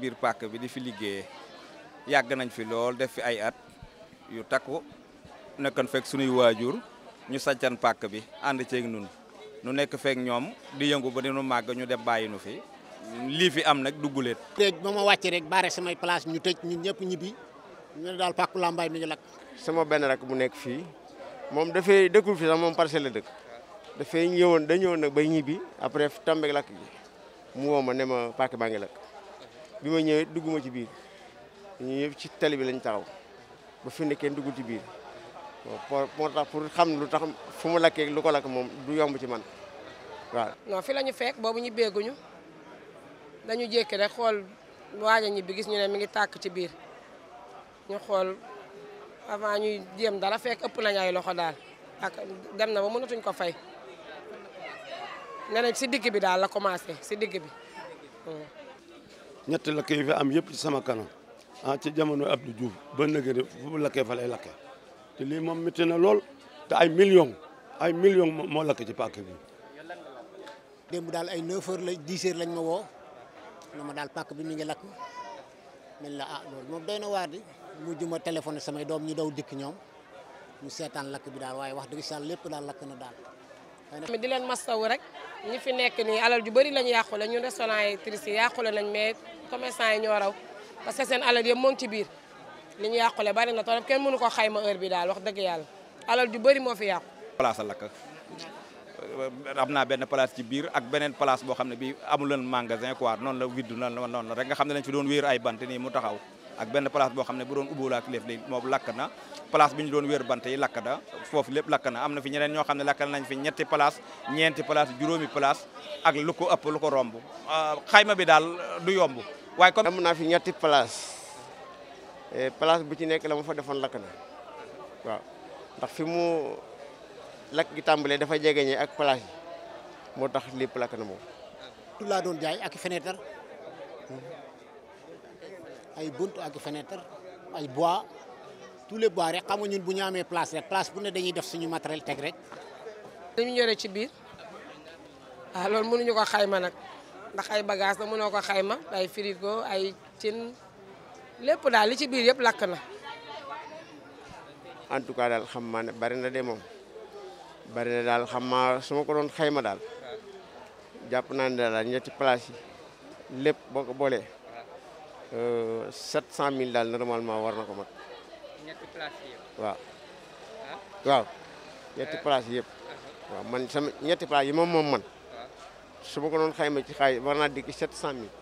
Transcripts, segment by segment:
biir pàkk bi di fi liggéey yàgg nañ fi lool def fi ay at yu takku nekkoon fekk sunuy waajur ñu sàccan paak bi ànd ceeg nun nu nekk fekk ñoom di yëngu ba dinu màgg ñu dem bàyyi nu fi lii fi am nag dugguleet léegi ba ma wàcce rek baare samay place ñu tëj ñun ñëpp ñibbi ñu daal pàkku làmbaay mi ñu lakk sama benn rek bu nekk fii moom dafay dëkkul fi sax moom parcelle la dëkk dafay ñëwoon da ñëwoon nag bay ñibbi après tàmbeeg lakk gi mu woo ma ne ma baa ngi lakk bi ma ñëwee dugguma ci biir ñu yëpp ci tali bi lañ taxaw ba fi ne kenn dugg ci biir moo tax pour xam lu tax fu mu lakkee lu ko lakk moom du yomb ci man waaw. non fi lañu ñu fekk boobu ñu bégguñu dañu jékki rek xool waaja ñi bi gis ñu ne mi ngi tàkk ci biir ñu xool avant ñuy jéem dara fekk ëpp nañ ay loxo daal ak dem na ba ko fay nee nañ si digg bi daal la commencé si digg bi. Hmm. ñetti lakk yi fi am yëpp ci sama kanam ah ci jamono Abdou Diouf ba nëgëri fu lakkee fa lay lakkee te lii moom métti na lool te ay million ay millions moo lakk ci pàkk bi. démb daal ay 9 heures la 10 lañ ma woo na ma daal pàkk bi mi ngi lakk mel la ah loolu moom doy na waar di mujj ma téléphoné samay doom ñu daw dikk ñoom ñu seetaan lakk bi daal waaye wax dëgg si lépp daal lakk na daal. di leen mastawu rek ñi fi nekk ni alal ju bëri lañu yàqule ñun restauratrices yi yàqule nañ mais commerçant yi ñoo raw parce que seen alal yëpp moo ngi ci biir li ñu yàqule bari na torop kenn mënu ko xayma heure bi daal wax dëgg yàlla alal ju bëri moo fi yàqu. place a lakk am naa benn place ci biir ak beneen place boo xam ne bii amul leen magasin quoi noonu la widdu noonu la noonu rek nga xam ne dañ fi doon wéer ay bant nii mu taxaw. ak benn place boo xam ne bu doon ubbool ak léef léegi moom lakk na place bi ñu doon wéer bante yi lakk na foofu lépp lakk na am na fi ñeneen ñoo xam ne lakkal nañ fi ñetti place ñeenti place juróomi place ak lu ko ëpp lu ko romb euh, xayma bi daal du yomb waaye comme am naa fi ñetti place place bu ci nekk la ma fa defoon lakk na waaw ndax fi mu lakk gi tàmbalee dafa jegeñee ak place moo tax lépp lakk na moom. laa doon jaay ak fenêtre ay buntu ak fenêtre ay bois tous les bois rek xamu ñun bu ñu amee place rek place bu ne dañuy def suñu matériel tek rek. dañu ñore ci biir ah lool mënu ko xayma nak ndax ay bagage la mëno ko xayma ay frigo ay cin lepp da li ci biir yépp lak na. en tout cas dal xam ma ne bari na dé mom bari na dal xam ma suma ko don xayma dal japp na ñetti place yi sept cent mille daal normalement war na ko mat. waaw. Ah. waaw ñetti ah. place yëpp. Ah. waaw man sama ñetti place yi moom moom man. su ma ko doon xayma ci xaay war naa dikki sept cent mille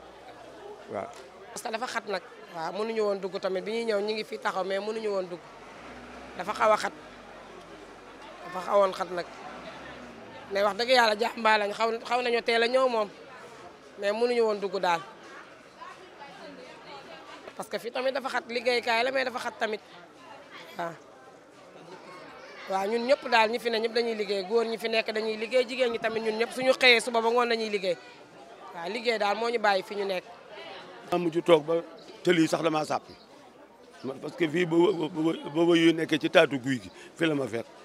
waaw. parce que dafa xat nag waaw mënuñu woon dugg tamit bi ñuy ñëw ñu ngi fii taxaw mais mënuñu woon dugg dafa xaw a xat dafa xawoon xat nag mais wax dëgg yàlla jàmbaar lañ xaw xaw nañu teel a ñëw moom mais mënuñu woon dugg daal. parce que fii tamit dafa xat liggéeykaay la mais dafa xat tamit waaw. ñun ñëpp daal ñi fi ne ñëpp dañuy liggéey góor ñi fi nekk dañuy liggéey jigéen ñi tamit ñun ñëpp suñu xëyee su ba ngoon dañuy liggéey waaw liggéey daal moo ñu bàyyi fi ñu nekk. maa mujj toog ba tëli sax damaa sàpp parce que fii ba ba ba yu ci taatu guy gi fi ma fekk.